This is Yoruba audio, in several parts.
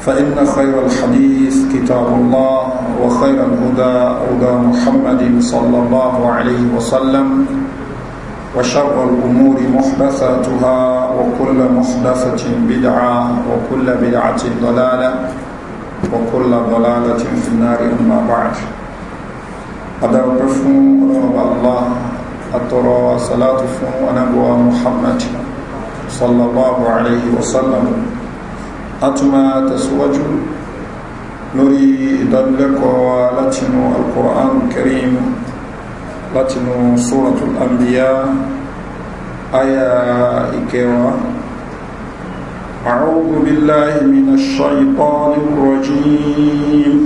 فإن خير الحديث كتاب الله وخير الهدى هدى محمد صلى الله عليه وسلم وشر الأمور محدثاتها وكل محدثة بدعة وكل بدعة ضلالة وكل ضلالة في النار أما بعد أدركم رب الله أترى صلاة فن ونبوى محمد صلى الله عليه وسلم atuma tẹ̀síwájú lórí ìdánilẹ́kọ̀ọ́ látinú alkùrán karim látinú suratul anbiya aya ìkẹwàá أعوذ بالله من الشيطان الرجيم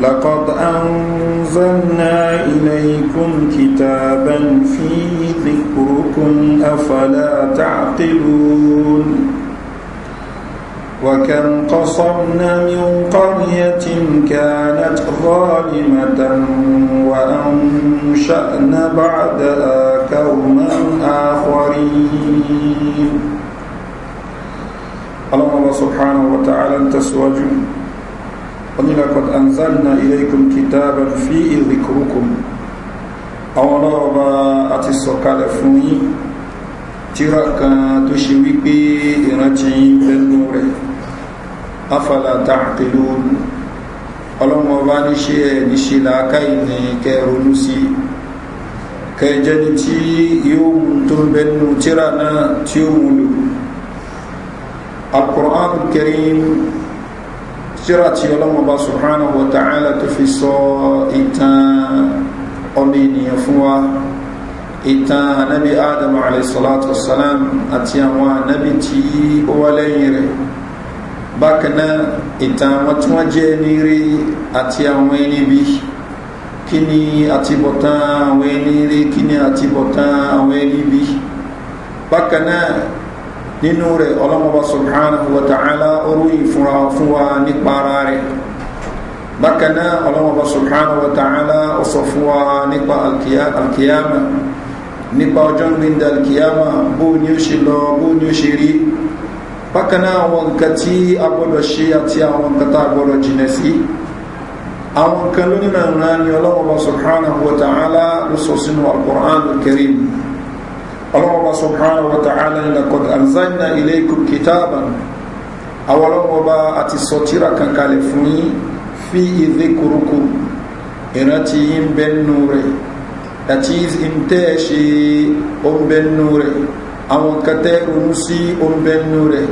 لقد أنزلنا إليكم كتابا فيه ذكركم أفلا تعقلون وكم قصمنا من قرية كانت ظالمة وأنشأنا بعدها كوما آخرين اللهم الله سبحانه وتعالى تسوجون oní laqad anzalna ilaykum kitaban fihi dhikrukum àwọn ọlọ́ọ̀bá àti sọ̀kalẹ̀ fún yín tíra kan tó ṣe wípé ìrántí lẹ́nu rẹ̀ afala ta'qilun ọlọ́mọ ọba níṣe ẹ̀ níṣe làákàyè ní kẹrọnú sí kẹjẹni tí yóò mú tó bẹnu tíra náà tí ó wúlò tíra tí ọlọ́run ọba subhanahu wa ta'ala tó fi sọ ìtàn ọmọ ènìyàn fún wa ìtàn anabi adam alayhisalatu wasalam àti àwọn anabi tí ó wá lẹ́yìn rẹ̀ bákan náà ìtàn àwọn tí wọ́n jẹ́ ẹni àti àwọn ẹni bí kí ni àwọn ẹni rí kí ni àwọn ẹni bákan náà nínú rẹ̀ ọlọ́mọba subhanahu wa ta'ala oróyìn fúnra fún wa nípa ara rẹ̀ bákan náà ọlọ́mọba subhanahu wa ta'ala ó sọ fún wa nípa alkiyama nípa ọjọ́ gbíndà alkiyama bó ni ó ṣe lọ bó ni ó ṣe rí bákan náà àwọn nǹkan tí a gbọ́dọ̀ ṣe àti àwọn nǹkan tá a gbọ́dọ̀ jìnà sí àwọn nǹkan lónìí náà ni ọlọ́mọba subhanahu wa ta'ala ló sínú alkur'an alkarim ọlọ́mọba subhanahu wa ta'ala ni lakod anzanna ilaykum kitaban àwọn ọlọ́mọba àti sọtíra kankalẹ̀ fún yín fi ìdí kurukú ìrántí yín bẹ́ẹ̀nù rẹ̀ àti ìtẹ́ ṣe ó ń bẹ́ẹ̀nù rẹ̀ àwọn kẹtẹ́ ronú sí ó ń bẹ́ẹ̀nù rẹ̀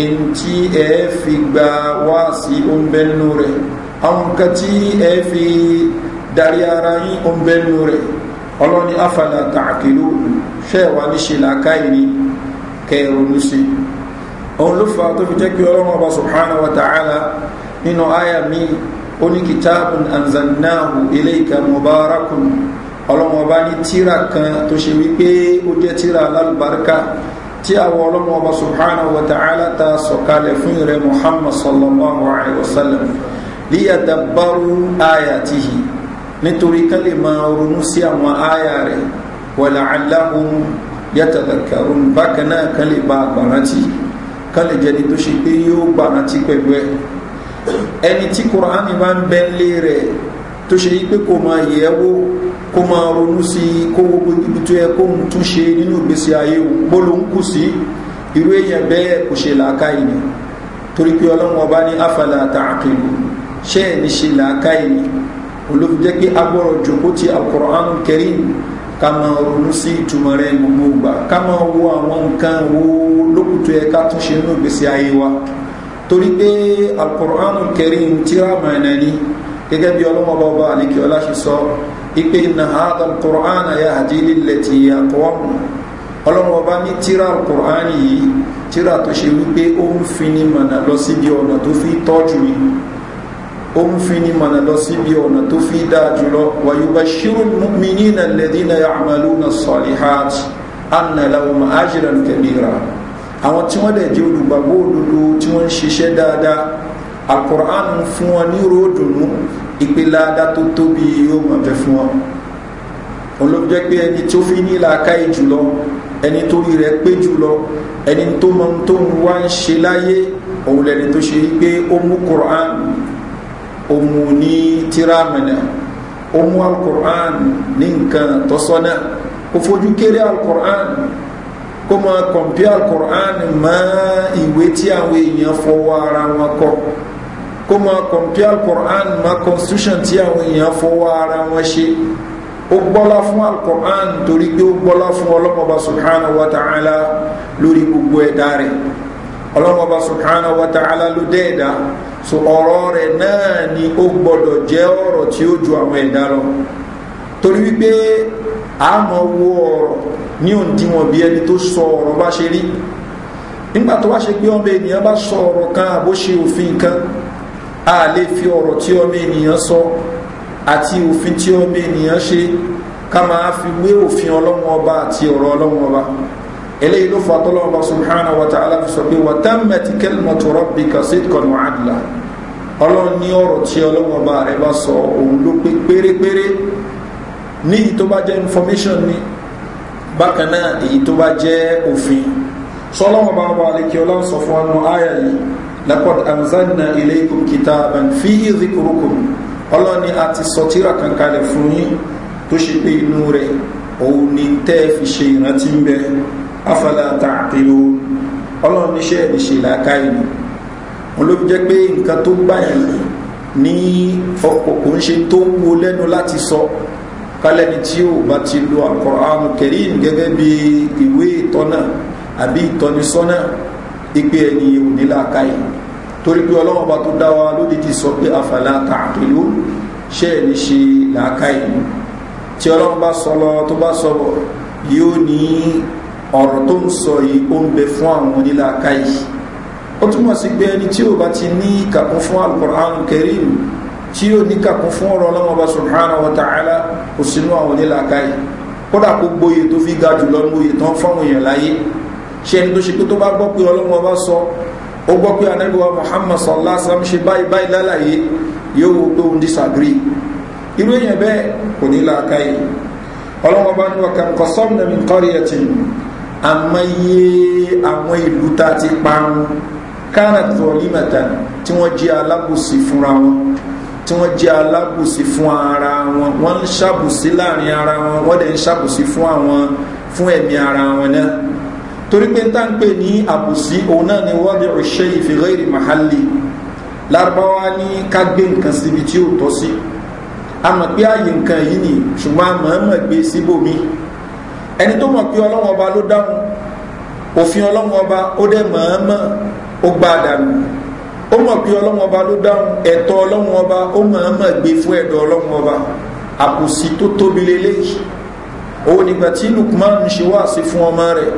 èyí tí ẹ fi gba wá sí ó afala ta'qilun ṣe wà ní ṣe làákàyè ni kẹrùnú sí òun ló fa tó fi jẹ́ pé ọlọ́run ọba subhanahu wa ta'ala nínú àyà mi ó ní kìtàbùn anzannahu ilayka mubarakun ọlọ́run ọba ní tíra kan tó ṣe wípé ó jẹ́ tíra alálùbáríkà tí àwọn ọlọ́run ọba subhanahu wa ta'ala ta sọ̀kalẹ̀ fún ìrẹ muhammad sallallahu alayhi wa sallam liyadabbaru ayatihi nítorí kálí máa ronú sí àwọn àyà rẹ̀ wàlà aláhùn yàtàkàrùn bákan náà kan lè ba àgbàrántí kan lè jẹni tó ṣe pé yóò gbàrántí pẹ̀lú ẹ ẹni tí kùránì máa ń bẹ́ lé rẹ̀ tó ṣe pé kò máa yẹ̀ ẹ́ wò kó máa ronú sí i kó gbogbo ibi tó yẹ kó ń tún ṣe nínú ìgbésí ayé bólú ń kù sí irú èèyàn bẹ́ẹ̀ kò ni torí pé ọlọ́run ọba ní afala tààkìlù ṣé ni olóòfin jẹ́ pé agbọ́rọ̀ jòkó ti alukọ̀rọ̀ ánú kẹrin ká máa ronú sí ìtumọ̀ rẹ̀ gbogbo ìgbà ká máa wo àwọn nǹkan wo lókùtù ẹ̀ ká tún ṣe nínú ìgbésí ayé wa torí pé alukur'anu karim tíra mọ̀ọ́nà ni gẹ́gẹ́ bí ọlọ́mọba ọba àlekí ọlá ṣe sọ ipe inna hadha alukur'ana yahdi lillati hiya aqwam ọlọ́mọba ní tíra alukur'ani yìí tíra tó ṣe wípé ó ń fini mọ̀nà lọ síbi ọ̀nà tó fi tọ́jú yìí ó ń fi ni mọ̀nà lọ síbi ọ̀nà tó fi dáa jùlọ wa yubashshirul mu'minina alladhina ya'maluna as-salihat anna lahum ajran kabira àwọn tí wọ́n dẹ̀ jẹ́ olùgbàgbọ́ òdodo tí wọ́n ń ṣiṣẹ́ dáadáa alukur'an fún wọn ní ròdùnú ìpìlàdá tó tóbi yóò mọ̀ fẹ́ fún wọn olóòjẹ́ pé ẹni tó fi ní làákàyè jùlọ ẹni tó rí rẹ̀ pé jùlọ ẹni tó mọ̀ tó ń wá ń ṣe láyé òun lẹni tó ṣe pé ó mú kur'an òmù tira tíramẹ̀nà òmù alukur'an ní nǹkan tọ́sọ́nà kò fojú kéré alukur'an kó máa kọ̀m̀pí alukur'an mọ́ ìwé tí àwọn èèyàn fọwọ́ ara wọn kọ kó máa kọ̀m̀pí alukur'an mọ́ constitution tí àwọn èèyàn fọwọ́ ara wọn ṣe ó gbọ́lá fún alukur'an torí pé ó gbọ́lá fún ọlọ́mọba subhanahu wa ta'ala lórí gbogbo ẹ̀dá rẹ̀ ọlọ́mọba subhanahu wa ta'ala ló dẹ́ ẹ̀dá so ọ̀rọ̀ rẹ̀ náà ni ó gbọ́dọ̀ jẹ́ ọ̀rọ̀ tí ó ju àwọn ẹ̀dá lọ torí wípé a mọ̀ wo ọ̀rọ̀ ní òǹdíwọ̀n bí ẹni tó sọ ọ̀rọ̀ bá ṣe rí nígbà tó wá ṣe pé ọmọ ènìyàn bá sọ ọ̀rọ̀ kan àbó ṣe òfin kan a lè fi ọ̀rọ̀ tí ọmọ ènìyàn sọ àti òfin tí ọmọ ènìyàn ṣe ká máa fi wé òfin ọlọ́wọ́n ọba àti ọ̀rọ̀ ọlọ́wọ́n ọba eléyìí ló fàtọ́ lọ́wọ́ bá subhanahu wa ta'ala fi sọ pé wa tammat kalimatu rabbika sidqan wa adla ọlọ́run ní ọ̀rọ̀ tí ọlọ́wọ́ bá rẹ bá sọ òun ló pé pérépéré ní èyí tó bá jẹ́ information ni bákan náà èyí tó bá jẹ́ òfin sọlọ́wọ́ bá wà lékè ọlọ́run sọ fún ọnù ayà yìí laqad anzalna ilaykum kitaban fihi dhikrukum ọlọ́run ni a ti afala tààkìlú ọlọ́run níṣẹ́ ìṣe làákà ìlú wọn ló fi jẹ́ pé nǹkan tó gbàyàn ní ọ̀pọ̀ kò ń ṣe tó ń wo lẹ́nu láti sọ kálẹ́ni tí ó bá ti lo àkọ́ránù kẹrin gẹ́gẹ́ bí ìwé ìtọ́nà àbí ìtọ́nisọ́nà ìpè ẹni ò ní làákà ìlú torí pé ọlọ́run bá tó dá wa lódìdí sọ pé afala tààkìlú ṣe ní làákà ìlú tí ọlọ́run bá sọ lọ tó bá sọ bọ̀ yóò ní ọ̀rọ̀ tó ń sọ yìí ó ń bẹ fún àwọn onílàáká yìí ó túmọ̀ sí pé ẹni tí ó bá ti ní ìkàkùn fún alukur'an kẹrìm tí ó ní ìkàkùn fún ọ̀rọ̀ ọlọ́wọ́n bá subhanahu wa ta'ala kò sínú àwọn onílàáká yìí kódà kó gbóye tó fi ga jùlọ ní oyè tán fáwọn èèyàn láyé ṣe ẹni tó ṣe pé tó bá gbọ́ pé ọlọ́wọ́n sọ ó gbọ́ pé anábíwá muhammad sallallahu ṣe báyìí báyìí lálàyé yóò wo pé òun disagree irú èèyàn bẹ́ẹ̀ kò ní làákàyè ọlọ́wọ́n ní wàkàn kọ́sọ́mù nàmí kọ́rìyàtì àmọye àwọn ìlú tá a ti parun kánà tọ́límẹ̀tà tí wọ́n jẹ́ alábòsí fúnra wọn tí wọ́n jẹ́ alábòsí fún ara wọn wọ́n ń ṣàbòsí láàrin ara wọn wọ́n dẹ̀ ń ṣàbòsí fún àwọn fún ẹ̀mí ara wọn náà torí pé tá ń pè ní àbòsí òun náà ni wọ́n lè ṣe ìfìwé ìrì màhálì lárúbáwá ní ká gbé nǹkan síbi tí ò tọ́ sí a pé ààyè nǹkan yìí ni ṣùgbọ́n a mọ̀ gbé síbòmíì ẹni tó mọ̀ pé ọlọ́wọ́n ọba ló dáhùn òfin ọlọ́wọ́n ọba ó dẹ̀ mọ̀ọ́mọ̀ ó gbá dànù ó mọ̀ pé ọlọ́wọ́n ọba ló dáhùn ẹ̀tọ́ ọlọ́wọ́n ọba ó mọ̀ọ́mọ̀ gbé fún ẹ̀dọ̀ ọlọ́wọ́n ọba àkùsí tó tóbi leléyìí òun nígbà tí lukman ń ṣe wá sí fún ọmọ rẹ̀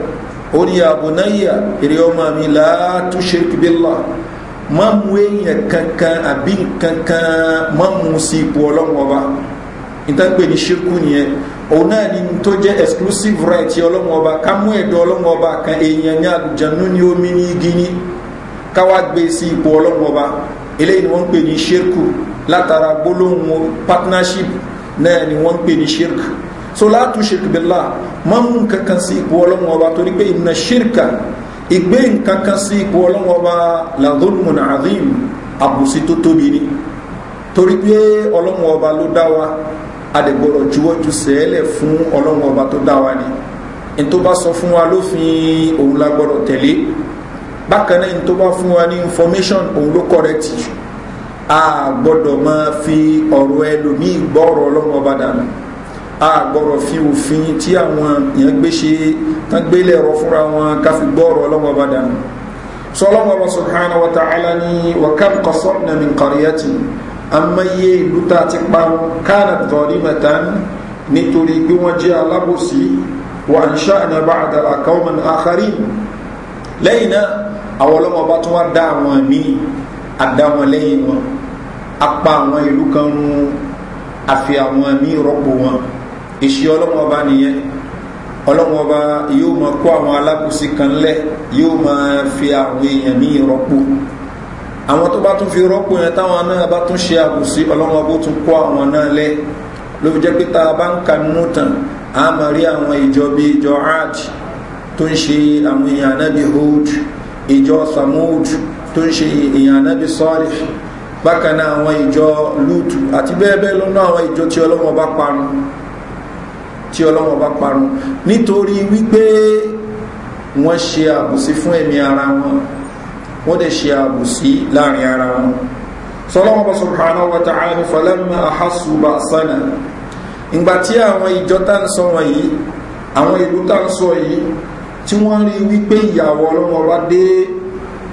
ó ní àbùnáyà èrè ọmọ mi láàtú ṣèkìbílà má mú èèyàn kankan àbí kankan má mú sí ipò ọlọ́wọ́n ọba ìtàgbé ní ṣírkù nìyẹn ona ni tó jẹ́ exclusive right ọlọ́run ọba ká mú ẹ̀dọ́ ọlọ́run ọba kan èèyàn ní àlùjànnú ní omi ní igi ní káwá gbé e sí ipò ọlọ́run ọba eléyìí ni wọ́n ń pè ní ṣírkù látara gbólóhùn partnership náà ni wọ́n ń pè ní ṣírkù so látú ṣírkù billah máa mú nǹkan kan sí ipò ọlọ́run ọba torí pé inna ṣírkà ìgbé nǹkan sí ipò ọlọ́run ọba la dhulmun azim àbùsí tó tóbi ni torí pé ọlọ́run ọba ló dá wa adègbọ̀rọ̀ juwọ́jú sẹ́ẹ̀lẹ̀ fún ọlọ́run ọba tó dá wa ni ní tó bá sọ fún wa lófin òun la gbọ́dọ̀ tẹ̀lé bákan náà ní tó bá fún wa ní information òun ló correct a gbọ́dọ̀ máa fi ọ̀rọ̀ ẹlòmíì gbọ́ ọ̀rọ̀ ọlọ́run dànù a fi òfin tí àwọn èèyàn gbé tán gbélé ẹ̀rọ fúnra wọn ká fi gbọ́ ọ̀rọ̀ dànù sọlọ́run ọba subhanahu wa ta'ala ni wa kam qasamna amáyé ìlú tá a ti parun kánà dọ̀rímẹ̀tà nítorí pé wọ́n jẹ́ alábòsí wà ń ṣáàna bá àdàlà káwọn àkárí lẹ́yìn náà àwọn ọlọ́mọ bá tún wá dá àwọn míì àdá wọn lẹ́yìn wọn apá àwọn ìlú kan run àfi àwọn míì rọ́pò wọn ìṣe ọlọ́mọ bá nìyẹn ọlọ́wọ́n bá yóò máa kó àwọn alábùsí kan lẹ̀ yóò máa fi àwọn èèyàn ní ìrọ́pò àwọn tó bá tún fi rọ́pò yẹn táwọn náà bá tún ṣe àbòsí ọlọ́run ọbó tún kó àwọn náà lẹ́ ló fi jẹ́ pé tá a bá ń ka nínú tàn á máa rí àwọn ìjọ bíi ìjọ ad tó ń ṣe àwọn èèyàn anábì hood ìjọ samud tó ń ṣe èèyàn anábì sọ́ọ̀lì bákan náà àwọn ìjọ lútù àti bẹ́ẹ̀ bẹ́ẹ̀ lọ́nà àwọn ìjọ tí ọlọ́run ọba parun tí ọlọ́run ọba parun nítorí wípé wọ́n ṣe àbòsí fún ẹ̀mí ara wọn wọ́n dẹ̀ ṣe àbùsí láàrin ara wọn sọlọ́wọ́n bá subhanahu wa ta'ala falamma ahasu ba'sana ìgbà tí àwọn ìjọ tá ń sọ wọn yìí àwọn ìlú tá ń sọ yìí tí wọ́n rí wípé ìyàwó ọlọ́wọ́ bá dé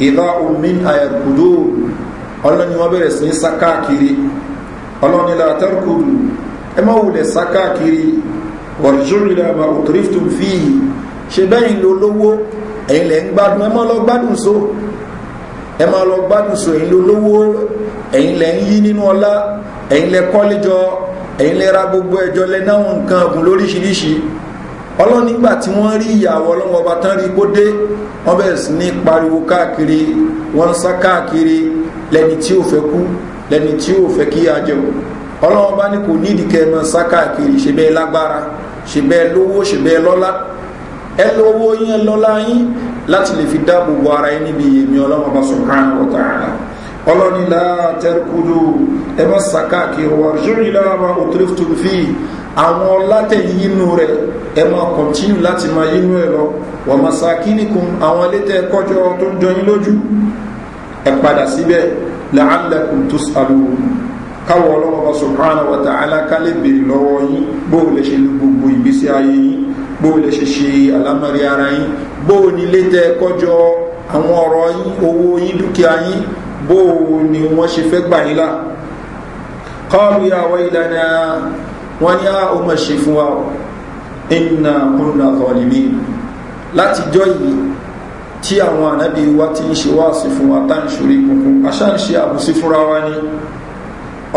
ìdá omin àyàkùdó ọlọ́ni wọ́n bẹ̀rẹ̀ sí sá káàkiri ọlọ́ni látẹ́rùkùdù ẹ má wulẹ̀ sá káàkiri bá òtòrífùtù fíì ṣe bẹ́yìn lólówó ẹ̀yìn lẹ́ ń gbádùn ẹ má lọ gbádùn so ẹ máa lọ gbádùn sọ èyí lólówó ẹ̀yin lẹ̀ ń yí nínú ọlá ẹ̀yin lẹ̀ kọ́lé jọ ẹ̀yin lẹ̀ ra gbogbo ẹ̀jọ́ lẹ̀ náwọn nǹkan ọ̀gùn lóríṣiríṣi ọlọ́run nígbà tí wọ́n rí ìyàwó ọlọ́run ọba tán rí kódé wọ́n bẹ̀rẹ̀ sí ní pariwo káàkiri wọ́n ń sá káàkiri lẹ́ni tí ò fẹ́ kú lẹ́ni tí ò fẹ́ kí a jẹun ọlọ́run ọba ní kò nídìí kẹ́ ẹ máa sá káàkiri ṣe bẹ́ẹ̀ lágbára ṣe bẹ́ẹ̀ lówó ṣe bẹ́ẹ̀ lọ́lá ẹ lówó yín lọ́lá yín láti lè fi dáàbò bo ara yín níbi èmi ọlọ́run ọba subhanahu wa ta'ala ọlọ́ni látẹ́rùkúdù ẹmọ́ sàkáàkiri wà ṣúrí láàmà òtúrífùtù fi àwọn ọlátẹ̀ yínú rẹ̀ ẹmọ́ kọ̀tínú láti máa yínú ẹ̀ lọ wà máa sàkíníkùn àwọn elétẹ̀ kọjọ́ tó ń jọyín lójú ẹ padà síbẹ̀ làálẹ̀kùn tó sàlù káwọ̀ ọlọ́wọ́ bá sọ̀kánà wàtà alákálẹ̀ bèrè lọ́wọ́ yín bó lè ṣe ṣe àlámọ̀rí ara yín bó ní ilé tẹ kọjọ àwọn ọ̀rọ̀ yín owó yín dúkìá yín bó ni wọ́n ṣe fẹ́ gbà yín là kọ́ọ̀lù yàwó ìlànà wọn ní a ó mọ̀ ṣe fún wa ìnà kúnnà zọlìmí láti jọ yìí tí àwọn ànábì wa ti ń ṣe wá sí fún wa tá ń ṣorí kunkun àṣà ń ṣe àbùsí fúnra wa ni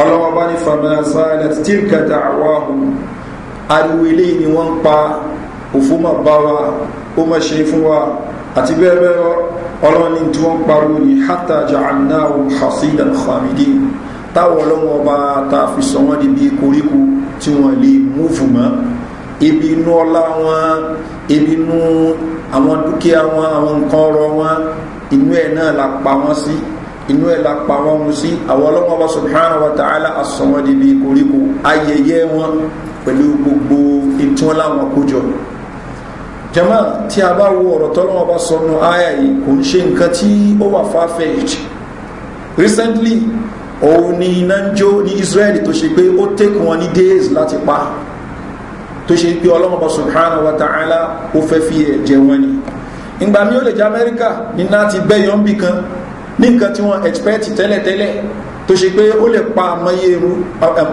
ọlọ́wọ́ bá ní fàmìlà sáà ilẹ̀ tí kẹta àwọn ariwo eléyìí ni wọ́n ń pa òfó mà bá wa ó mà ṣe fún wa àti bẹ́ẹ̀ bẹ́ẹ̀ lọ ọlọ́run ní tí wọ́n pariwo ní hata jahannahu hasidan khamidin táwọn ọlọ́run ọba ta fi sọ wọ́n di bí koríko tí wọ́n lè múfù mọ́ ibi inú ọlá wọn ibi inú àwọn dúkìá wọn àwọn nǹkan ọrọ̀ wọn inú ẹ̀ náà la pa wọ́n sí inú ẹ̀ la pa wọ́n mu sí àwọn ọlọ́run ọba subhanahu wa ta'ala asọ̀wọ́n di bí koríko ayẹyẹ wọn pẹ̀lú gbogbo ìtúnláwọn kójọ jama tí a bá wo ọ̀rọ̀ tọ́lọ́wọ́ bá sọnù aya yìí kò ń ṣe nǹkan tí ó wà far recently òun ni iná ń ní Israel tó ṣe pé ó take wọn ní days láti pa tó ṣe pé ọlọ́mọba subhanahu wa ta'ala ó fẹ́ fi ẹ̀jẹ̀ wọn ni ìgbà mi ò lè jẹ́ Amẹ́ríkà ní láti bẹ́yọ̀ ń bì kan ní nǹkan tí wọ́n expect tẹ́lẹ̀tẹ́lẹ̀ tó ṣe pé ó lè pa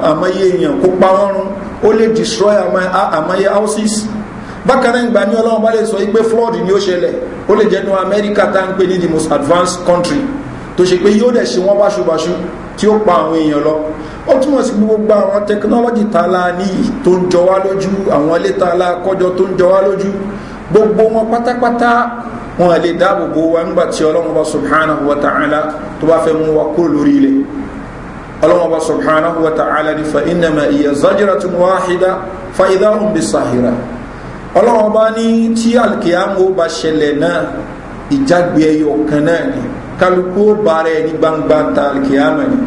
àmọye èèyàn kó pa wọ́n run ó lè destroy àmọye houses bákanáà ìgbà ní ọlọ́run bá lè sọ wípé flood ni ó ṣẹlẹ̀ ó lè jẹ́ nu amẹ́ríkà tá ń pè ní the most advanced country tó ṣe pé yóò dẹ̀ ṣe wọ́n báṣubàṣu tí ó pa àwọn èèyàn lọ ó túmọ̀ sí gbogbo àwọn tẹkinọ́lọ́jì tààlà níyì tó ń jọ wá lójú àwọn ilé tààlà kọjọ tó ń jọ wá lójú gbogbo wọn pátápátá wọn lè dáàbò bo wa nígbà tí ọlọ́run bá subhanahu wa ta'ala tó bá fẹ́ mú wa kúrò lórí ilẹ̀ ọlọ́run bá subhanahu wa ta'ala ní fa innama iya zajratun wahida fa idahum bisahira ọlọ́run bá ní tí alkiyamu bá ṣẹlẹ̀ náà ìjágbe ẹyọ kan náà ni kálukú ó bá gbangba ta alkiyamu ni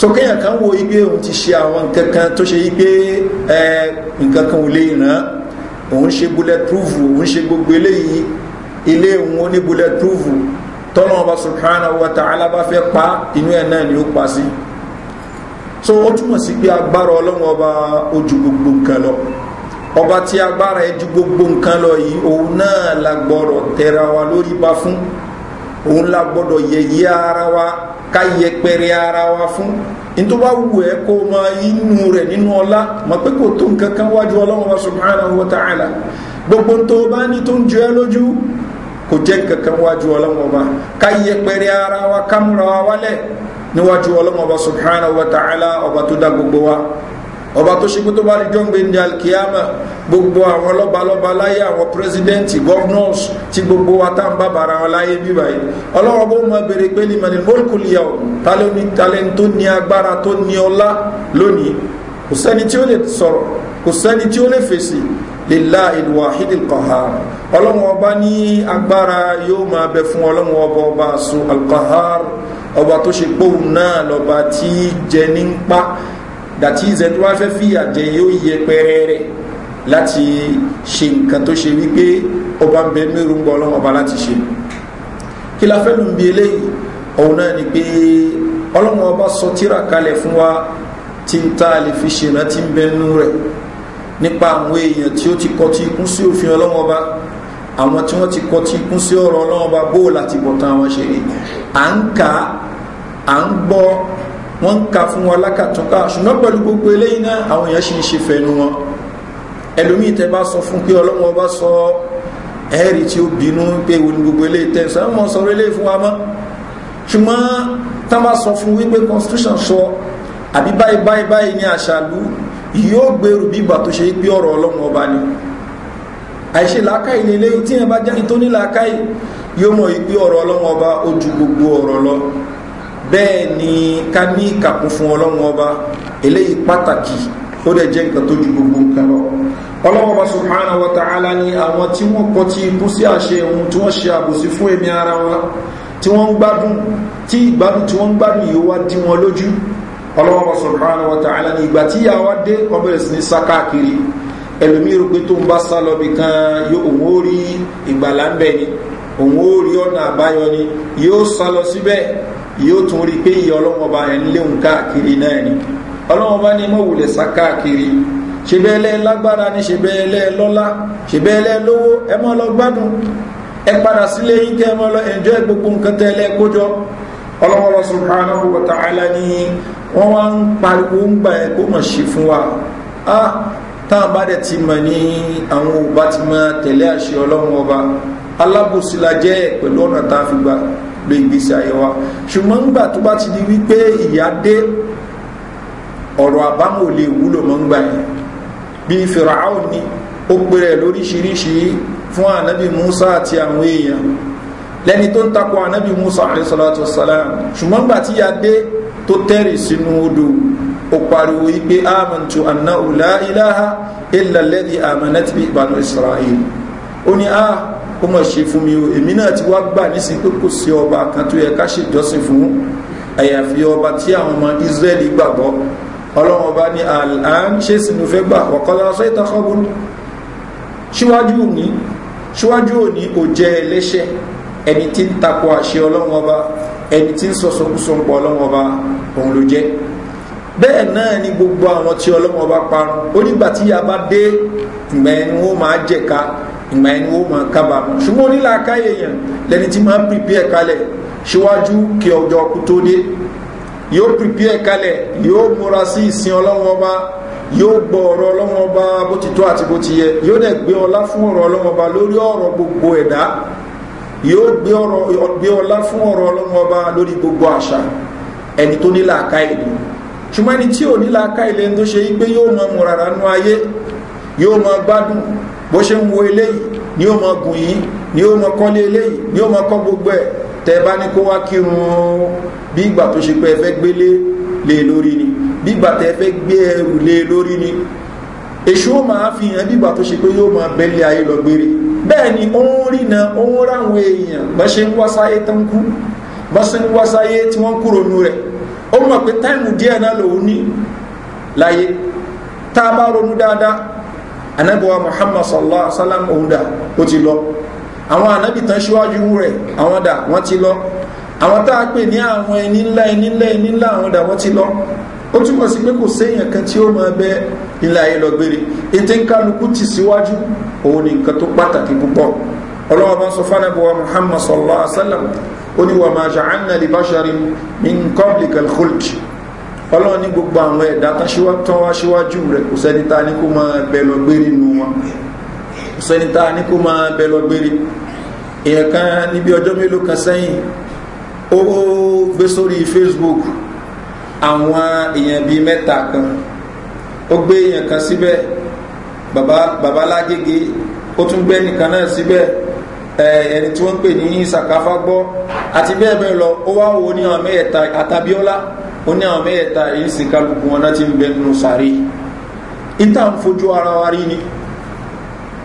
sókèyàn kan wo igbe òun ti ṣe àwọn nǹkan kan tó ṣe igbe ẹ nǹkan kan ò lè ràn òun ṣe bulletproof òun ṣe gbogbo eléyìí ilé òun ó ní bulletproof tọ́lọ́wọ́n bá subhanahu wa ta'ala bá fẹ́ pa inú ẹ̀ náà ni ó pa sí so ó túmọ̀ sí pé agbára ọlọ́wọ́n ọba ojú gbogbo nǹkan lọ ọba tí agbára ẹ ju gbogbo nǹkan lọ yìí òun náà la gbọ́dọ̀ tẹra wa lórí ba fún òun la gbọ́dọ̀ yẹ̀yẹ́ ara wa ká yẹpẹrẹ ara wa fún nítorí wàá wù ẹ́ kó o máa inú rẹ̀ nínú ọlá mọ̀ pé kò tó nǹkan kan wájú ọlọ́run wa subhanahu wa ta'ala gbogbo tó o bá ní tó ń jẹ ẹ́ lójú kò jẹ́ nǹkan kan wájú ọlọ́run wa ká yẹpẹrẹ ara wa ká múra wa wálẹ̀ níwájú ọlọ́run wa subhanahu wa ta'ala ọba tó dá gbogbo wa ọba tó ṣe pé bá rí jọ́ǹgbé ní alkiyama gbogbo àwọn ọlọ́ba lọ́ba láyé àwọn pírẹsidẹ́ǹtì gọ́vnọ́s tí gbogbo wa tá ń bá bàrà wọn láyé bí báyìí ọlọ́wọ́ bó máa béèrè pé ní mọ̀lẹ́ mọ́lùkùlìyà ò talẹ́ni tó ní agbára tó ní ọlá lónìí kò sẹ́ni tí ó lè sọ̀rọ̀ kò sẹ́ni tí ó lè fèsì lèlá ìlúwà hídìlkọ̀há ọlọ́run ọba ní agbára yóò máa bẹ fún ọlọ́run ọba dàtí ìzẹ́ tó wá fẹ́ fìyà jẹ yóò yẹ pẹ́rẹ́ rẹ̀ láti ṣe nǹkan tó ṣe wípé ọba ń bẹ mẹ́rù ń bọ́ ọlọ́run ọba láti ṣe kí la fẹ́ lù ń bi eléyìí òun náà ni pé ọlọ́run ọba sọ tíra kalẹ̀ fún wa tí ń tá lè fi ṣèrántí tí ń bẹ nú rẹ̀ nípa àwọn èèyàn tí ó ti kọ tí ikún sí òfin ọlọ́run ọba àwọn tí wọ́n ti kọ tí ikún sí ọ̀rọ̀ ọlọ́run ọba bó láti bọ̀tán àwọn ṣe à ń kà à ń gbọ́ wọ́n ń ka fún wọn lákàtúnká ṣùgbọ́n pẹ̀lú gbogbo eléyìí náà àwọn èèyàn ṣì ń ṣe fẹ̀nu wọn ẹlòmíì tẹ bá sọ fún pé ọlọ́wọ́n bá sọ ẹ̀rì tí ó bínú pé wo ni gbogbo eléyìí tẹ̀ sọ ẹ̀mọ́ sọ̀rọ̀ eléyìí fún wa mọ́ ṣùgbọ́n tá bá sọ fún wípé constitution sọ àbí báyìí báyìí báyìí ní àṣàlù yóò gbèrú bí ìgbà tó ṣe pé ọ̀rọ̀ ọlọ́wọ́n ọba ni àìṣe làákàyè lélẹ́yìí tí yẹn bá jáde tó ní làákàyè yóò mọ̀ ìpé ọ̀rọ̀ ọlọ́wọ́n ọba ó gbogbo ọ̀rọ̀ lọ bẹ́ẹ̀ ni ká ní ìkàkùn fún ọlọ́run ọba eléyìí pàtàkì ó dẹ̀ jẹ́ nǹkan tó ju gbogbo nǹkan lọ ọlọ́wọ́ bá subhanahu wa ta'ala ni àwọn tí wọ́n kọ ti ikú sí àṣẹ ohun tí wọ́n ṣe àbòsí fún èmi ara wọn tí wọ́n ń gbádùn tí ìgbádùn tí wọ́n ń gbádùn yìí wá dí wọn lójú ọlọ́wọ́ bá ni ìgbà tí ìyá wa dé wọ́n bẹ̀rẹ̀ sí ní sá káàkiri ẹlòmíì rò pé yóò tún rí pé ìyá ọlọ́mọba ẹ̀ ń léhun káàkiri náà ni ọlọ́mọba ní mọ̀wùlẹ̀ sá káàkiri ṣebẹ́ẹ́lẹ́ lágbára ní ṣebẹ́ẹ́lẹ́ lọ́lá ṣebẹ́ẹ́lẹ́ lówó ẹ mọ́ lọ gbádùn ẹ padà sílé yín kẹ́ ẹ mọ́ lọ ẹ̀njọ́ gbogbo nǹkan tẹ́lẹ̀ kójọ ọlọ́mọba subhanahu wa ta'ala ni wọ́n wá ń pariwo ń gbà ẹ̀ kó mọ̀ ṣe fún wa ah táwọn bá dẹ̀ ti mọ̀ ní àwọn òbá ti mọ tẹ̀lé àṣẹ ọlọ́mọba alábòsílà jẹ́ pẹ̀lú ọ̀nà tá a fi gbà gbé ìgbésí ayé wa ṣùgbọ́n nígbà tó bá ti di wípé ìyá dé ọ̀rọ̀ àbámọ̀ lè wúlò mọ́ ń gbà yẹn bí fìràáù ni ó pèrè lóríṣiríṣi fún ànábì musa àti àwọn èèyàn lẹ́ni tó ń takò ànábì musa àrísọ́látọ̀ sàlám ṣùgbọ́n nígbà tí ìyá dé tó tẹ́rì sínú odò ó pariwo wípé amantu anna ula ilaha illa lẹ́dí amanat bi ibanu israel ó ní ah kó mọ̀ ṣe fún mi o èmi náà ti wá gbà nísìn pé kò sí ọba kan tó yẹ ká ṣèjọsìn fún àyàfi ọba tí àwọn ọmọ Israẹli gbàgbọ́ ọlọ́run ọba ní àlàn ṣe sínú fẹ́ gbà ọ̀kọ́lá ọ̀sọ́ ìtàkọ́bù síwájú òní síwájú òní ò jẹ́ ẹlẹ́ṣẹ̀ ẹni tí ń takò àṣẹ ọlọ́run ọba ẹni tí ń sọ̀sọ̀kúsọ̀ pọ̀ ọlọ́run ọba òun ló jẹ́ bẹ́ẹ̀ náà ni gbogbo àwọn tí ọlọ́run ọba parun ó nígbà tí yaba dé ìgbà ẹni wọ́n máa jẹ̀ka ìgbà ẹni ó mọ̀ kábà ṣùgbọ́n onílàákàyè yẹn lẹni tí máa ń prepare kalẹ̀ ṣíwájú kí ọjọ́ kú tó dé yóò prepare kalẹ̀ yóò múra sí ìsìn ọlọ́wọ́n ọba yóò gbọ́ ọ̀rọ̀ ọlọ́wọ́n ọba bó ti tó àti bó ti yẹ yóò dẹ̀ gbé ọlá fún ọ̀rọ̀ ọlọ́wọ́n ọba lórí ọ̀rọ̀ gbogbo ẹ̀dá yóò gbé ọlá fún ọ̀rọ̀ ọlọ́wọ́n ọba lórí gbogbo àṣà ẹni tó ní làákàyè ni ṣùgbọ́n ẹni tí ò ní làákàyè lẹ́ni tó ṣe yí pé yóò mọ mùràrà nú ayé yóò mọ gbádùn bó ṣe ń wo eléyìí ni ó mọ gùn yín ni ó mọ kọ́lé eléyìí ni ó mọ kọ́ gbogbo ẹ̀ tẹ́ bá ní kó wá kírun bí ìgbà tó ṣe pé ẹ fẹ́ gbélé lé e lórí ni bí ìgbà tẹ́ fẹ́ gbé ẹrù lé e lórí ni èṣù ó máa fi hàn bí ìgbà tó ṣe pé yóò máa bẹ́lẹ̀ ayé lọ gbére bẹ́ẹ̀ ni ó ń rìnà ó ń ráwọn èèyàn bá ṣe ń wá sáyé tán kú bá ṣe ń wá tí wọ́n kúrò nú rẹ̀ ó mọ̀ pé táìmù díẹ̀ náà lòun ní láyé tá a bá ronú dáadáa anabiwa muhammad sallallahu alaihi wa sallam òun dà ó ti lọ àwọn anabi tán síwájú rẹ̀ àwọn dà wọ́n ti lọ àwọn tá a pè ní àwọn ẹni ńlá ẹni ńlá ẹni ńlá àwọn dà wọ́n ti lọ ó túmọ̀ sí pé kò séèyàn kan tí ó máa bẹ ilẹ̀ ayé lọ gbére ètè ń kálukú ti síwájú òun ni nǹkan tó pàtàkì púpọ̀ ọlọ́wọ́ bá ń sọ fún muhammad sallallahu alaihi wa sallam ó ní wàá máa lè bá ṣàrin ọlọ́run ní gbogbo àwọn ẹ̀dá tán wá síwájú rẹ̀ kò sẹ́ni tá ní kó máa bẹ lọ gbére nu wọn kò sẹ́ni tá ní kó máa bẹ lọ gbére èèyàn kan níbi ọjọ́ mélòó kan sẹ́yìn ó gbé sórí facebook àwọn èèyàn bíi mẹ́ta kan ó gbé èèyàn kan síbẹ̀ bàbá bàbá lágége ó tún gbé ẹnìkan náà síbẹ̀ ẹni tí wọ́n ń pè ní sàkáfá gbọ́ àti bẹ́ẹ̀ bẹ́ẹ̀ lọ ó wá wo ní ọmọ ẹ̀ta àtàbíọ́lá Oni ní àwọn mẹ́ẹ̀ta yìí sì kálukú wọn láti ń bẹ nínú sàárè ìta ń fojú ara wa rí ni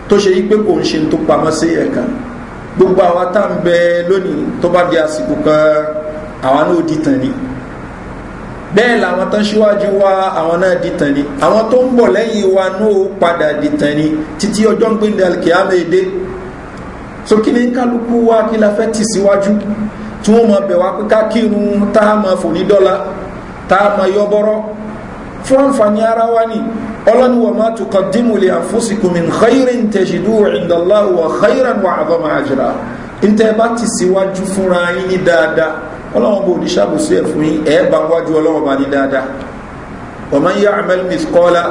tó ṣe yí pé kò ń ṣe tó pamọ́ sí ẹ̀ka gbogbo àwa tá ń bẹ lónìí tó bá di àsìkò kan àwa náà di tàn ni bẹ́ẹ̀ làwọn tán síwájú wa àwọn náà di tàn ni àwọn tó ń bọ̀ lẹ́yìn wa náà padà di tàn ni títí ọjọ́ ń gbé ní alkiyamede so kí ni kálukú wa kí la fẹ́ tì síwájú tí wọ́n mọ bẹ̀ wá pé ká kírun tá a mọ fòní dọ́là tá a máa yọ bọ́rọ́ fún àǹfààní ara wa ni ọlọ́ni wa ma tuqaddimu li anfusikum min khairin tajiduhu inda Allahi wa khairan wa azama ajra ntẹ́ bá ti síwájú fúnra yín ní dáadáa ọlọ́wọ́n bò ní ṣàbùsí ẹ̀ e fún yín ẹ̀ e bá wájú ọlọ́wọ́n bá ní dáadáa wa man ya'mal mithqala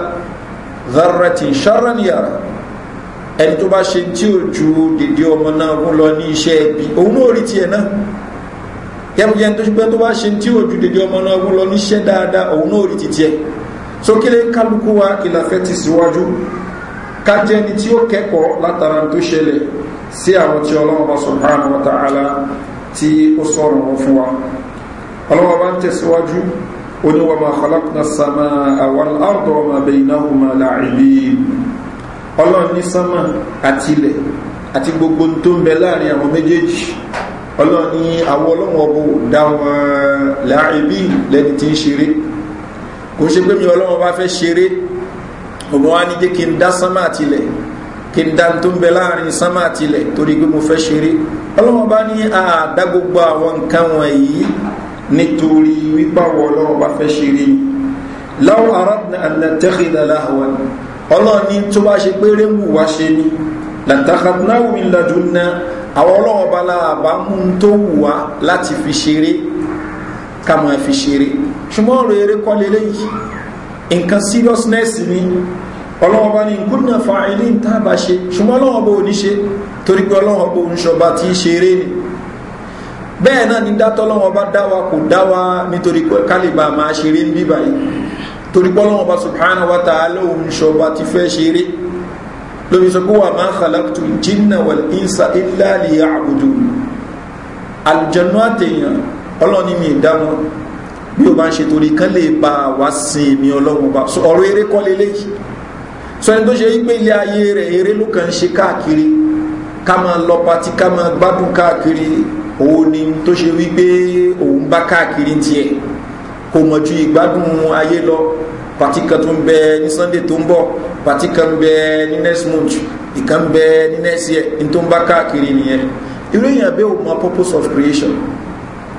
dharratin sharran yara ẹni tó bá ṣe tí ò ju dèdè ọmọ náà ń lọ ní iṣẹ́ ẹbí òun náà rí tiẹ̀ náà yẹ́bùjẹ́ tó ṣùgbọ́n tó bá ṣe tí ò ju dèdè ọmọ náà ọgbọ́n lọ níṣẹ́ dáadáa òun náà rí títí ẹ̀ sókèlè kálukú wa ìlàfẹ́ ti síwájú kájẹ́ ni tí ó kẹ́kọ̀ọ́ látara tó ṣẹlẹ̀ sí àwọn tí ọlọ́wọ́ bá subhanahu wa tí ó sọ̀rọ̀ wọn fún wa ọlọ́wọ́ bá ń tẹ̀síwájú oni wa ma khalaqna samaa wal arda wa ma baynahuma la'ibin ọlọ́run ní sánmà àti àti gbogbo tó ń bẹ láàrin àwọn méjèèjì ọlọ́ni àwọn ọlọ́wọ́ bó dá wọn láàrínbí lẹ́ni tí ń ṣeré kò ṣe pé mi ọlọ́wọ́ bá fẹ́ ṣeré ọmọ wa ní jẹ́ kí n dá sánmà tilẹ̀ kí n dá tó ń bẹ láàrin sánmà tilẹ̀ torí pé mo fẹ́ ṣeré ọlọ́wọ́ bá ní àdá gbogbo àwọn nǹkan wọ̀nyí nítorí wípá wọ ọlọ́wọ́ bá fẹ́ ṣeré láwọn arábìnrin àdàtẹ́kìdà láwọn ọlọ́ni tó bá ṣe pé rémù wá ṣe ni làtàkàtúnáwó mi làdúnná àwọn ọlọ́wọ́n bá láàbá mú un tó wù wá láti fi ṣeré ká máa fi ṣeré ṣùgbọ́n ọ̀rọ̀ eré kọ́ lélẹ́yìí nǹkan seriousness ni ọlọ́wọ́n bá ní nkúnnà fàáìlì ń tábà ṣe ṣùgbọ́n ọlọ́wọ́n bó ní ṣe torí pé ọlọ́wọ́n bó ń ṣọba tí í ṣeré ni bẹ́ẹ̀ náà ni dátọ́ ọlọ́wọ́n bá dá wa kò dá wa nítorí kálíbà máa ṣeré ń bíbáyìí torí pé ọlọ́wọ́n bá subhanahu wa ta'ala òun ṣọba ti fẹ́ ṣeré lóbi sọ pé wà máa khalaqtu jinna wal insa illa liya'budun àlùjànnú àtẹ̀yàn ọlọ́ni mi ìdámọ́ bí o bá ń ṣe torí kán lè bá wá sin èmi ọlọ́run bá so ọ̀rọ̀ eré kọ́ leléyìí sọ ẹni tó ṣe wípé ilé ayé rẹ̀ eré ló kàn ń ṣe káàkiri ká máa lọ patí ká máa gbádùn káàkiri òun ni tó ṣe wípé òun bá káàkiri tiẹ̀ kò mọ̀ ju ìgbádùn ayé lọ pati kan tó ń bẹ ní sunday tó ń bọ̀ pati kan bẹ ní next month ìkan bẹ ní next year ní tó ń bá káàkiri nìyẹn irú èèyàn bẹ́ẹ̀ ò mọ purpose of creation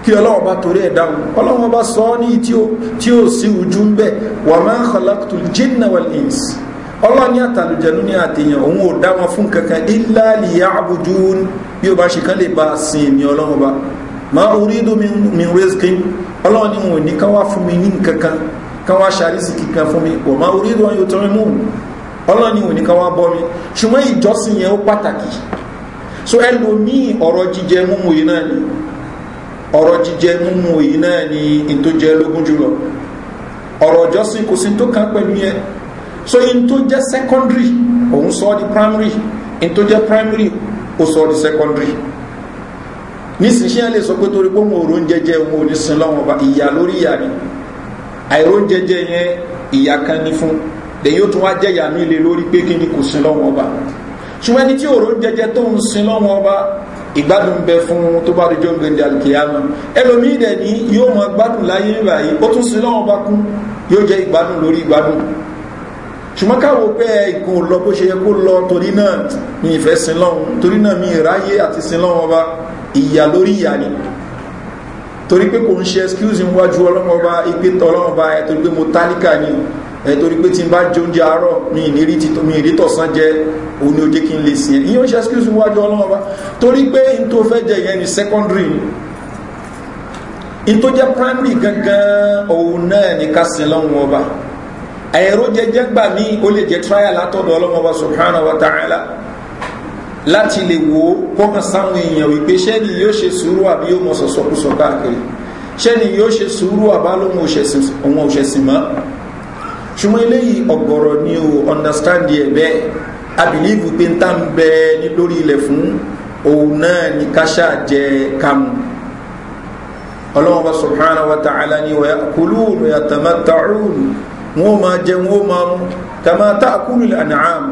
kí ọlọ́wọ́ bá torí ẹ̀ dáhùn ọlọ́wọ́ bá sọ ọ́ ní tí ó sí ojú ń bẹ̀ wà máa ń kọ̀lákùtù jìnnà wà ins ọlọ́wọ́ ní àtàlùjẹ̀nu ní àtẹ̀yàn òun ò dá wọn fún kankan ilá lìyà àbújú bí ó bá ṣe kán lè ba sin èmi ọlọ́wọ́ bá máa orí dùn mi rẹ́sìkín ọlọ́wọ́ ní wọn ní ká wá fún mi ní kankan kan wá ṣàrísì kíkan fún mi wọ́n máa orí wọn yóò tọrin mú ọlọ́run ni òní kan wá bọ́ mi ṣùgbọ́n ìjọsìn yẹn ó pàtàkì so ẹlòmíì ọ̀rọ̀ jíjẹ múmu yìí náà ni ọ̀rọ̀ jíjẹ múmu yìí náà ni ìtòjẹ lógún jùlọ ọ̀rọ̀ ìjọsìn kò sí tó kan pẹ̀lú yẹn so in secondary òun sọ di primary in primary ó sọ di secondary nísinsìnyí a lè sọ pé torí pé òun ò rò ń jẹjẹ òun ò ní sin lọ́wọ́ ìyá lórí ìyá ni àìróúnjẹjẹ yẹn ìyá kan ní fún lẹ́yìn ó tún wá jẹ́ ìyá lé lórí pé kí ni kò sin lọ́wọ́ ọba ṣùgbọ́n ẹni tí òróúnjẹjẹ tó ń sin lọ́wọ́ ọba ìgbádùn bẹ fún tó bá dojọ́ gbẹ̀ndẹ̀ alkiyama ẹlòmíì dẹ̀ ní yóò mọ gbádùn láyé báyìí ó tún sin lọ́wọ́ ọba kú yóò jẹ́ ìgbádùn lórí ìgbádùn ṣùgbọ́n káwo pé ìgùn lọ bó ṣe yẹ kó lọ torí náà mi ìfẹ́ sin lọ́wọ́ torí náà mi ìráyé àti sin lọ́wọ́ ọba ìyà lórí ìyà ni torí pé kò ń ṣe excuse ń wájú ọlọ́mọba ipe tọ́lọ́mọba ẹ̀ torí pé mo tálíkà ni ẹ̀ torí pé tí n bá jẹ oúnjẹ àárọ̀ mi ìrírí títọ́ mi ìrí tọ̀sán jẹ òun ni ó jẹ́ kí n lè sìn ẹ̀ ìyẹn ń ṣe excuse ń wájú ọlọ́mọba torí pé n tó fẹ́ jẹ yẹn ni secondary n tó jẹ́ primary gangan òun náà ni ká sin lọ́wọ́ ẹ̀rọ jẹjẹ gbà mí ó lè jẹ trial látọ̀dọ̀ ọlọ́mọba subhanahu wa ta'ala láti lè wo kọ́kàn sáwọn èèyàn wípé ṣẹ́ni yóò ṣe sùúrù àbí yóò mọ sọ̀sọ̀kúsọ káàkiri ṣẹ́ni yóò ṣe sùúrù àbá lóhun òṣèṣìn mọ́ ṣùgbọ́n eléyìí ọ̀gọ̀rọ̀ ni o understand ẹ̀ bẹ́ẹ̀ i believe pé n tá n bẹ ní lórí ilẹ̀ fún òun náà ni káṣá jẹ kàmù ọlọ́wọ́n bá subhanahu wa ta'ala ni wọ́n yakulun wọ́n yatamatta'un wọ́n máa jẹ wọ́n máa mú kama ta'kulu al-an'am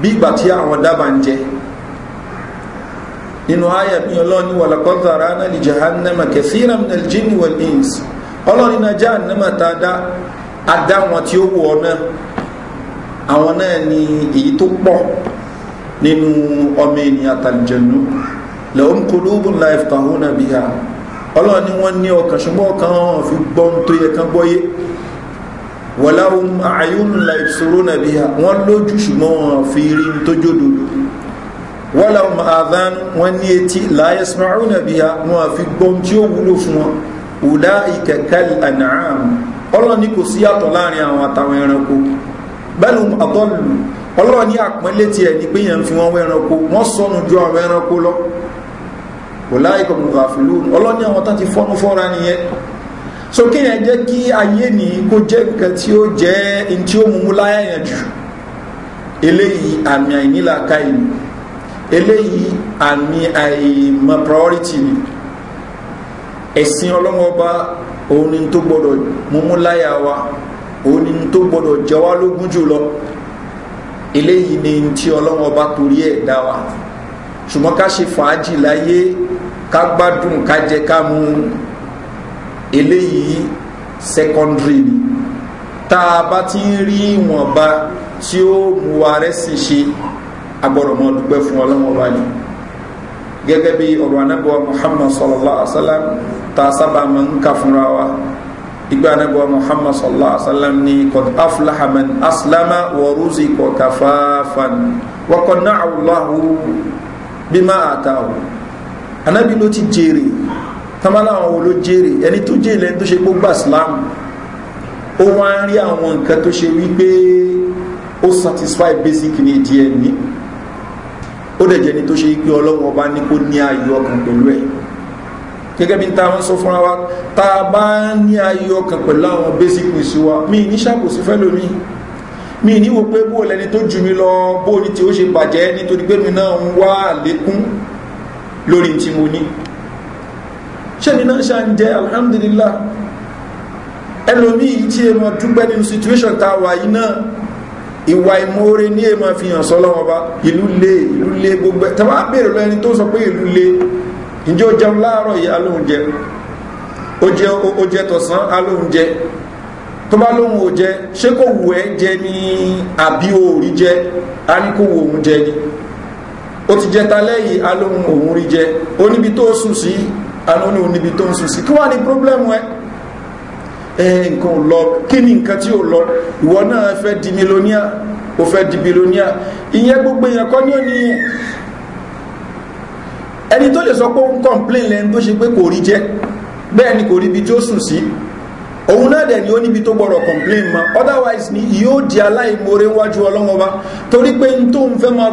bí ìgbà tí àwọn dábàá ń jẹ nínú àyà bí ọlọ́ni wàlàkọ́tà ara náà lè jahannama kathiran minal jinni wal ins ọlọ́ni náà jahannama tá a dá a dá wọn tí ó wù ọ náà àwọn náà ni èyí tó pọ̀ nínú ọmọ ènìyàn àtàlìjẹ̀nu lahum qulubun la yafqahuna biha ọlọ́run ni wọ́n ní ọkàn ṣùgbọ́n ọkàn wọn fi gbọ́ tó yẹ kán gbọ́yé walahum a'yunun la yubsiruna biha wọ́n lójú ṣùgbọ́n wọn fi rí tó jódodo wọ́lá ọmọ adán wọn ní etí láyé smarun àbíyá wọn àfi gbọ́n tí ó wúlò fún wọn ọ̀dá ìkẹ̀kẹ́ ànàám ọlọ́ni kò sí yàtọ̀ láàrin àwọn àtàwọn ẹranko bẹ́ẹ̀ ló àtọ́lù ọlọ́run ní àpọ́nlé tiẹ̀ ní pé yẹn fi wọ́n wọ ẹranko wọ́n sọnù ju àwọn ẹranko lọ kò láì kọ̀ọ̀kan gàfìlú ọlọ́run ní àwọn tán ti fọ́nú fọ́ra nìyẹn so kí yẹn jẹ́ kí ayé ní kó jẹ́ nǹkan tí ó jẹ́ ní tí ó mú láyà yẹn jù eléyìí àmì àìnílàáká yìí eléyìí àmì àìmọ priority ni ẹ̀sìn ọlọ́mọba òun ni tó gbọdọ̀ múmú láyà wa òun ni tó gbọdọ̀ jẹ wá lógún jùlọ eléyìí ni tí ọlọ́mọba torí ẹ̀ dá wa ṣùgbọ́n ká ṣe fàájì láyé ká gbádùn ká jẹ ká mú eléyìí secondary ni tá a bá ti ń rí ìwọ̀nba tí ó mú wa rẹ́sìn ṣe agbọ́dọ̀ mọ́ dúpẹ́ fún ọlọ́run ọba ni gẹ́gẹ́ bí ọ̀rọ̀ anábọ̀ muhammad sallallahu alaihi wa sallam ta sábà máa ń kà fúnra wa ìgbà anábọ̀ muhammad sallallahu alaihi wa sallam ni qad aflaha man aslama wa ruziqa kafafan wa qanna'ahu Allahu bima atahu anábì ló ti jèrè tamala àwọn wo ló jèrè ẹni tó jèrè ẹni tó ṣe gbogbo islam ó wá ń rí àwọn nǹkan tó ṣe wípé ó satisfy basic need ẹ ní ó dẹ̀ jẹ́ni tó ṣe pé ọlọ́wọ́ bá ní kó ní ayọ̀ ọkàn pẹ̀lú ẹ̀ gẹ́gẹ́ bí n ta wọ́n sọ fúnra wa ta bá ní ayọ̀ ọkàn pẹ̀lú àwọn basic needs mi ní ṣàkóso fẹ́ lómi mi ní wo pé bó lẹni tó jù mí lọ bó ní tí ó ṣe bàjẹ́ nítorí pé mi náà ń wá àlékún lórí tí mo ní ṣé mi náà ṣá ń jẹ alhamdulillah ẹlòmíì tí ẹ mọ dúpẹ́ nínú situation ta wà yìí náà ìwà ìmoore ní èèmọ̀ fi hàn sọ́lọ́wọ́ bá ìlú lé ìlú lé gbogbo tàbá bèèrè lọ ẹni tó sọ pé ìlú lé ǹjẹ́ ó jẹun láàárọ̀ yìí alóhùn jẹ ó jẹ tọ̀sán alóhùn jẹ tó bá lóhùn ò jẹ ṣé kò wù ẹ́ jẹ ní àbí òòrí jẹ a ní kò wù òun jẹ ni ó ti jẹ ta lẹ́yìn alóhùn òun rí jẹ ó níbi tó sùn sí alóhùn níbi tó ń sùn sí kí wàá ní pírọ́blẹ́mù ẹ́ nǹkan ò lọ kí ni nǹkan tí ò lọ ìwọ náà fẹ́ di milonia ò fẹ́ di bilonia ìyẹn gbogbo èèyàn kọ́ ní òní yẹn ẹni tó lè sọ pé òun complain lẹ́nu tó ṣe pé kò rí jẹ́ bẹ́ẹ̀ ni kò rí ibi tí ó sùn sí òun náà dẹ̀ ni ó níbi tó gbọ́dọ̀ otherwise ni yóò di aláìmoore wájú ọlọ́wọ́n torí pé n tó ń fẹ́ máa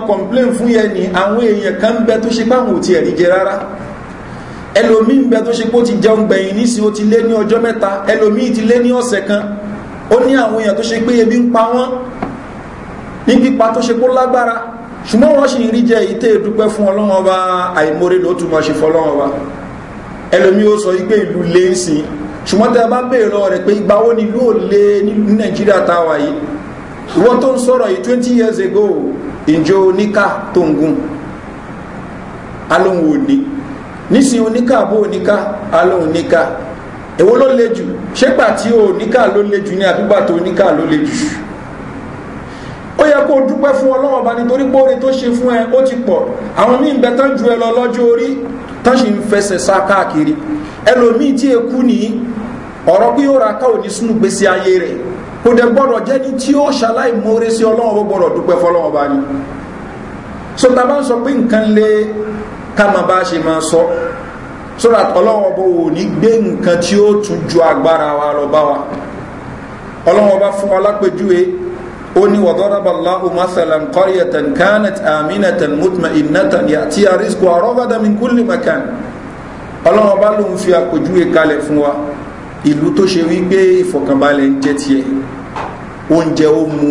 fún yẹn ni àwọn èèyàn kan ń bẹ tó ṣe ò tiẹ̀ ẹlòmí ń bẹ tó ṣe pé ó ti jẹun gbẹ̀yìn nísì ó ti lé ní ọjọ́ mẹ́ta ẹlòmí ti lé ní ọ̀sẹ̀ kan ó ní àwọn èèyàn tó ṣe pé ebi ń pa wọ́n ní pípa tó ṣe pé ó lágbára ṣùgbọ́n wọ́n sì rí jẹ ìtẹ́ ìdúpẹ́ fún ọlọ́wọ́n ọba àìmórè ló tún ṣe fọlọ́wọ́n ọba ẹlòmí ó sọ pé ìlú lé ń sìn ṣùgbọ́n tẹ́ bá bèèrè rẹ̀ pé ìgbà wo ni ìlú ò lé ní nàìjíríà táwa yìí ìwọ́n tó ń sọ̀rọ̀ yìí twenty years ago ìjọ oníkà tó ń gùn alóhùn òní nísìn oníkà bó oníkà aló oníkà èwo ló le jù ṣégbà tí oníkà ló le jù ní àdúgbà tó oníkà ló le jù ó yẹ kó dúpẹ́ fún ọlọ́wọ́n bá nítorí póore tó ṣe fún ẹ ó ti pọ̀ àwọn míì bẹ tán ju ẹ lọ lọ́jọ́ orí tán sì ń fẹsẹ̀ sá káàkiri ẹlòmíì tí ekú nìyí ọ̀rọ̀ pé ó ra ká òní sínú gbèsè ayé rẹ̀ kò dẹ̀ gbọ́dọ̀ jẹ́ ní tí ó ṣaláì mórè sí ọlọ́wọ́n bó gbọ́dọ̀ dúpẹ́ fọlọ́wọ́n bá ní so tá a bá ń sọ pé nǹkan le káma bá ṣe máa sọ sọ́dà ọlọ́wọ́ bó wò ní gbé nǹkan tí ó tún ju agbára wa lọ bá wa ọlọ́wọ́ bá fún wa lápèjúwe ó ní wàdọ́rọ̀bàlá umasalan kọ́rìyàtàn kánat aminatan mutma innatan yàtí àrísìkò àrọ́bàdàmín kúlì makan ọlọ́wọ́ bá lòun fi àpèjúwe kalẹ̀ fún wa ìlú tó ṣe wípé ìfọ̀kànbalẹ̀ ń jẹ́ tiẹ̀ oúnjẹ ó mu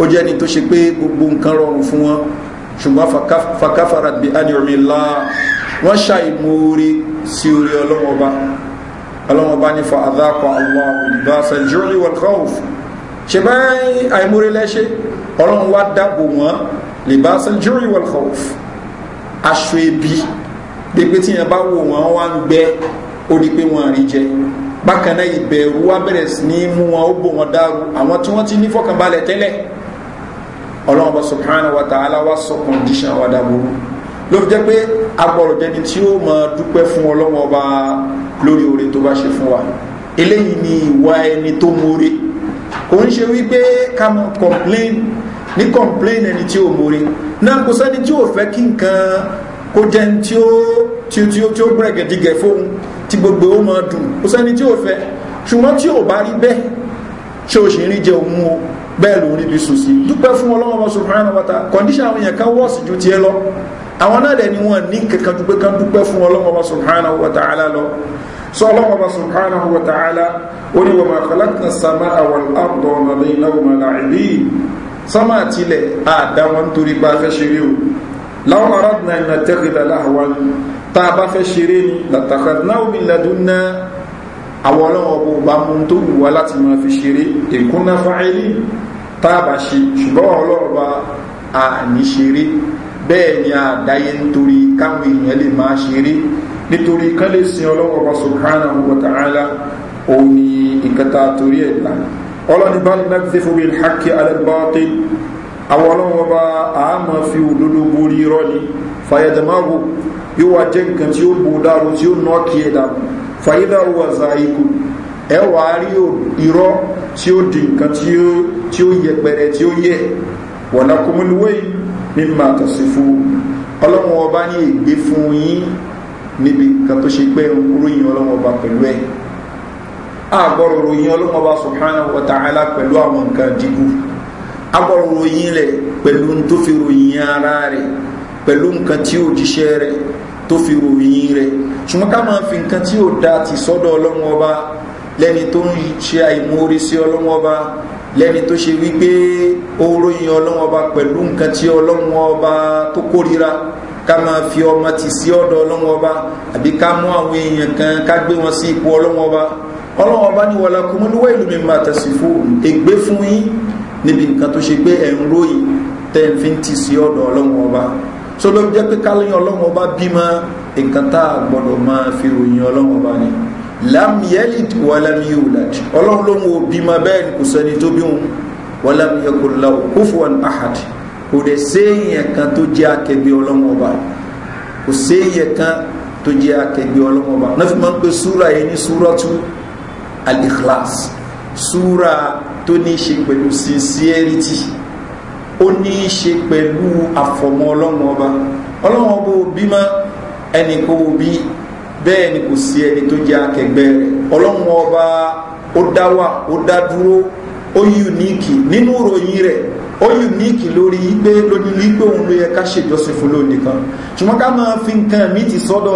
ó jẹ́ ni tó ṣe pé gbogbo nǹkan rọrùn fún wọn ṣùgbọ́n fakafara bi aniorinla wọ́n ṣàìmóore sí orí ọlọ́mọba ọlọ́mọba ní fa adákọ̀ allah olùbáṣà jùlọ wal khawf ṣe bá àìmóore lẹ́ṣẹ́ ọlọ́run wá dáàbò wọ́n libasa jùlọ wal khawf aṣọ ebi gbégbé tí yẹn bá wò wọ́n wá ń gbẹ ó di pé wọ́n àrí jẹ bákan náà ìbẹ̀rù wa bẹ̀rẹ̀ sí ní mú wọn ó bò wọn dàrú àwọn tí wọ́n ti ní fọkànbalẹ̀ tẹ́lẹ̀ ọlọ́run bá subhanahu wa ta'ala wá sọ condition wa dábòrò ló fi jẹ́ pé agbọ̀rọ̀ jẹni tí ó mọ dúpẹ́ fún ọlọ́run ọba lórí oore tó bá ṣe fún wa eléyìí ni ìwà ẹni tó mórè kò ń ṣe wípé ká mọ complain ní complain ẹni tí ó mórè náà kò sẹ́ni tí ó fẹ́ kí nǹkan kó jẹ́ tí ó tí ó tí ó tí ó gbẹ̀gẹ̀dìgẹ̀ fóun tí gbogbo ó mọ dùn kò sẹ́ni tí ó fẹ́ ṣùgbọ́n tí ó bá rí bẹ́ẹ̀ ṣé o ṣì ń rí jẹ òun o bẹ́ẹ̀ ló rí bí sòsì dúpẹ́ fún ọlọ́wọ́ bá subhanahu wa ta'ala kọ́ndíṣà àwọn èèyàn kan wọ́ọ̀sì ju tiẹ̀ lọ àwọn náà dẹ̀ ni wọ́n ní kankan dúpẹ́ kan dúpẹ́ fún ọlọ́wọ́ bá subhanahu wa ta'ala lọ sọ ọlọ́wọ́ bá subhanahu wa ta'ala ó ní wa ma khalaqna as-samaa wal-arda wa ma baynahuma la'ibin àdá wọn torí bá fẹ́ ṣeré o law aradna an nattakhidha lahwan tá a bá fẹ́ ṣeré ni latakhadhnahu min àwọn ọlọ́wọ́ bó bá mú tó wù wá láti máa fi ṣeré èkúnná fáìlì táàbà ṣe ṣùgbọ́n ọlọ́wọ́ bá a ní ṣeré bẹ́ẹ̀ ni àdáyé nítorí káwọn èèyàn lè máa ṣeré nítorí kán lè sin ọlọ́wọ́ bá subhanahu wa ta'ala òun ni nǹkan tá a torí ẹ̀ dá ọlọ́ni bá ní jẹ́ nǹkan tí ó bò dáru tí ó nọ́ọ̀kì ẹ̀ dànù fàyídà wà zàíkù ẹ wà rí irọ́ tí ó di nǹkan tí ó yẹpẹrẹ tí ó yẹ wọ̀nà kòmúlúwẹ́yìn mímọ̀ àtọ̀sí fún ọba ní ègbé fún yín níbi nǹkan tó ṣe pé ròyìn ọlọ́run ọba pẹ̀lú ẹ̀ àgbọ̀rọ̀ ròyìn ọlọ́run ọba pẹ̀lú àwọn nǹkan dìbò ròyìn rẹ̀ pẹ̀lú nǹkan tí ó jíṣẹ́ rẹ̀ tó fi ròyìn rẹ̀ ṣùgbọ́n ká máa fi nǹkan tí ó da ti sọ́dọ̀ ọlọ́run ọba lẹ́ni tó ń ṣe àìmoore sí ọlọ́run ọba lẹ́ni tó ṣe wípé ó ròyìn ọlọ́run ọba pẹ̀lú nǹkan tí ọlọ́run ọba tó kórira ká máa fi ọmọ tì sí ọ̀dọ̀ ọlọ́run ọba àbí ká mú àwọn èèyàn kan ká gbé wọn sí ipò ọlọ́run ọba ọlọ́run ọba ní wọlé kúmúlúwẹ́ ìlú mi máa tẹ̀sí fún ègbé fún yín níbi nǹkan tó ṣe pé ẹ̀ ń ròyìn tẹ́ ń fi ń sí ọ̀dọ̀ ọlọ́run ọba so ló jẹ́ pé káléyìn ọlọ́run ọba bímọ nǹkan tá a gbọ́dọ̀ máa fi ròyìn ọlọ́run ọba ni lam yalid wa lam yulad ọlọ́run ló ń wo bímọ bẹ́ẹ̀ ni kò sẹ́ni tó bí wọn wa lam yakul lahu kufuwan ahad kò dẹ̀ séèyàn kan tó jẹ́ akẹgbẹ ọlọ́run ọba kò séèyàn kan tó jẹ́ akẹgbẹ ọlọ́run ọba náà fi máa ń pe súra yẹn ní súratu al-ikhlas súra tó ní í ṣe pẹ̀lú sincerity. ó ní í ṣe pẹ̀lú àfọ̀mọ́ ọlọ́run ọba ọlọ́run ọba òbí mọ́ ẹnì kò bí bẹ́ẹ̀ ni kò sí ẹni tó jẹ́ akẹgbẹ́ rẹ̀ ọlọ́run ọba ó dá wà ó dá dúró ó yùníkì nínú ìròyìn rẹ̀ ó yùníkì lórí pé lórí wípé òun ló yẹ ká ṣèjọsìn fún lónìí kan fi nǹkan mi ti sọ́dọ̀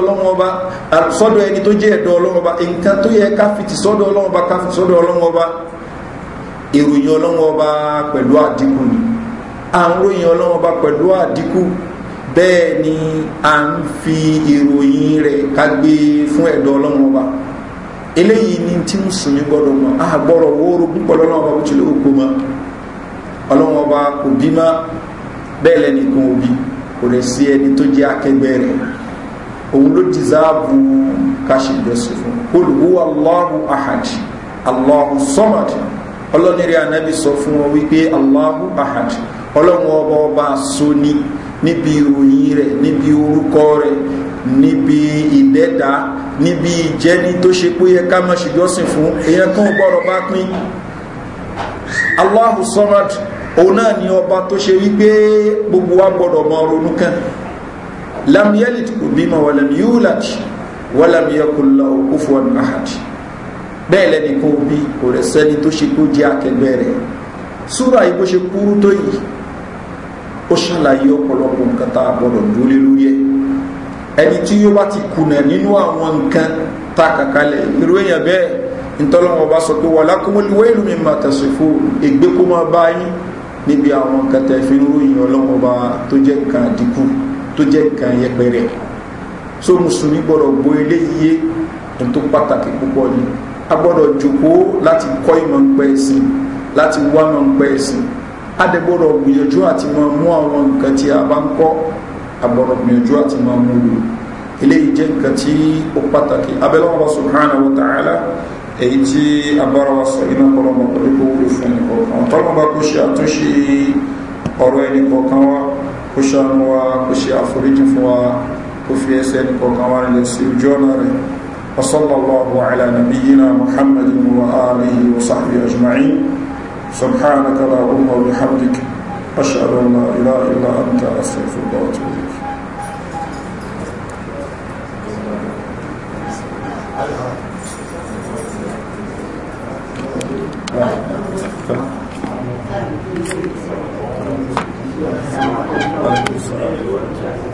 ọba à ń ròyìn pẹ̀lú àdínkù bẹ́ẹ̀ ni a ń fi ìròyìn rẹ̀ ká fún ẹ̀dọ̀ ọlọ́run eléyìí ni tí mùsùlùmí gbọ́dọ̀ mọ̀ á wóró púpọ̀ lọ́nà ọba mọ́ kò bí bẹ́ẹ̀ òbí kò rẹ̀ sí ẹni tó jẹ́ akẹgbẹ́ rẹ̀ òun ló dìsáàbù fún sọ fún wọn wípé aláhu ahad ọlọ́run ọba ọba sóní níbi ìròyìn rẹ̀ níbi orúkọ rẹ̀ níbi ìdẹ́ta níbi ìjẹ́ni tó ṣe pé yẹ ká máa ṣèjọ́sìn fún èèyàn kan gbọ́rọ̀ bá pín Allahu Samad òun náà ni ọba tó ṣe wípé gbogbo wa gbọ́dọ̀ mọ ronú kan lam yalid kò bímọ walam yulad walam yakul lahu kufuwan ahad bẹ́ẹ̀ lẹ́ni kò bí kò rẹ̀ sẹ́ni tó ṣe kó jẹ́ akẹgbẹ́ rẹ̀ súra yìí bó ṣe kúrú tó yìí ó ṣàlàyé ọ̀pọ̀lọpọ̀ nǹkan tá a gbọ́dọ̀ dúlé lórí ẹ̀ ẹni tí yóò bá ti kùnà nínú àwọn nǹkan tá a kàkalẹ̀ irú èèyàn bẹ́ẹ̀ ntọ́lọ́wọ́ bá sọ pé wà lákòmọ́lì wẹ́ẹ̀lú mi máa tẹ̀sí fún ègbé kó máa bá yín níbi àwọn nǹkan tẹ̀ fi ń ròyìn ọlọ́wọ́ bá tó jẹ́ nǹkan àdínkù tó jẹ́ nǹkan yẹpẹrẹ so mùsùlùmí gbọ́dọ̀ gbọ́ eléyìí tó pàtàkì púpọ̀ ni a gbọ́dọ̀ jòkó láti kọ́ ìmọ̀ ń pẹ́ ẹ̀sìn láti wá ìmọ̀ ń pẹ́ ẹ̀sìn adẹ́gbọ́dọ̀ gbìyànjú àti máa mú àwọn nǹkan tí a bá ń kọ́ agbọ́dọ̀ gbìyànjú àti máa mú lò eléyìí jẹ́ nǹkan tí ó pàtàkì abẹ́lẹ́wọ̀n subhanahu wa ta'ala èyí tí abára wa sọ iná kọlọmọ pẹ̀lú kó wúlò fún ẹnì kọ̀ọ̀kan tọ́lọ́mọba kó ṣe àtúnṣe ọ̀rọ̀ ẹnì kọ̀ọ̀kan wa kó ṣàánú wa kó ṣe àforíjì fún wa kó fi ẹsẹ̀ ẹnì kọ̀ọ̀kan wa nílẹ̀ sí ojú ọ̀nà rẹ̀ wa sallallahu ala nabiyyina muhammadin wa alihi wa sahbihi ajma'in سبحانك اللهم وبحمدك أشهد أن لا إله إلا أنت الله وأتوب إليك Thank you.